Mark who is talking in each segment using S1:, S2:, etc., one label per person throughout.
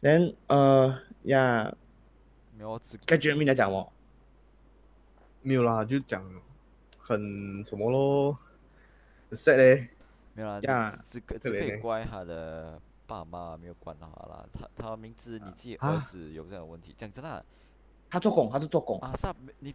S1: 咁、uh, yeah.，
S2: 呃，呀，繼續咪講我。沒有啦，就講很什麼咯？唔嘞，沒有啦，呀、yeah,，只可只可以
S3: 怪他的爸媽，沒有管他啦、啊。他他明知你自己兒子有這樣的問題，講真啦，
S2: 他做功，他是做功。
S3: 啊，係、啊，你。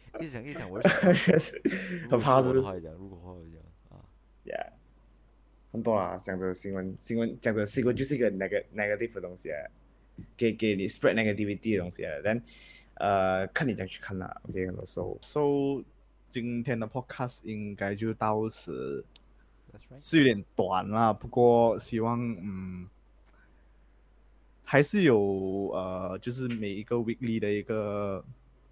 S3: 疫情疫情，我確實好怕事。如果好嘅話，如果好嘅話，啊 y、
S1: yeah. 咁多啦，講這個新聞新聞，講這個新聞就是一個 negative 嘅東西啊，給給你 spread negativity 的東西啊，then，誒、呃，看
S2: 你點去睇啦，ok，So、okay, right. so，今天的 podcast 應該就到此，right. 是有點短啦，不過希望嗯，還是有，呃，就是每一個 weekly 的一個。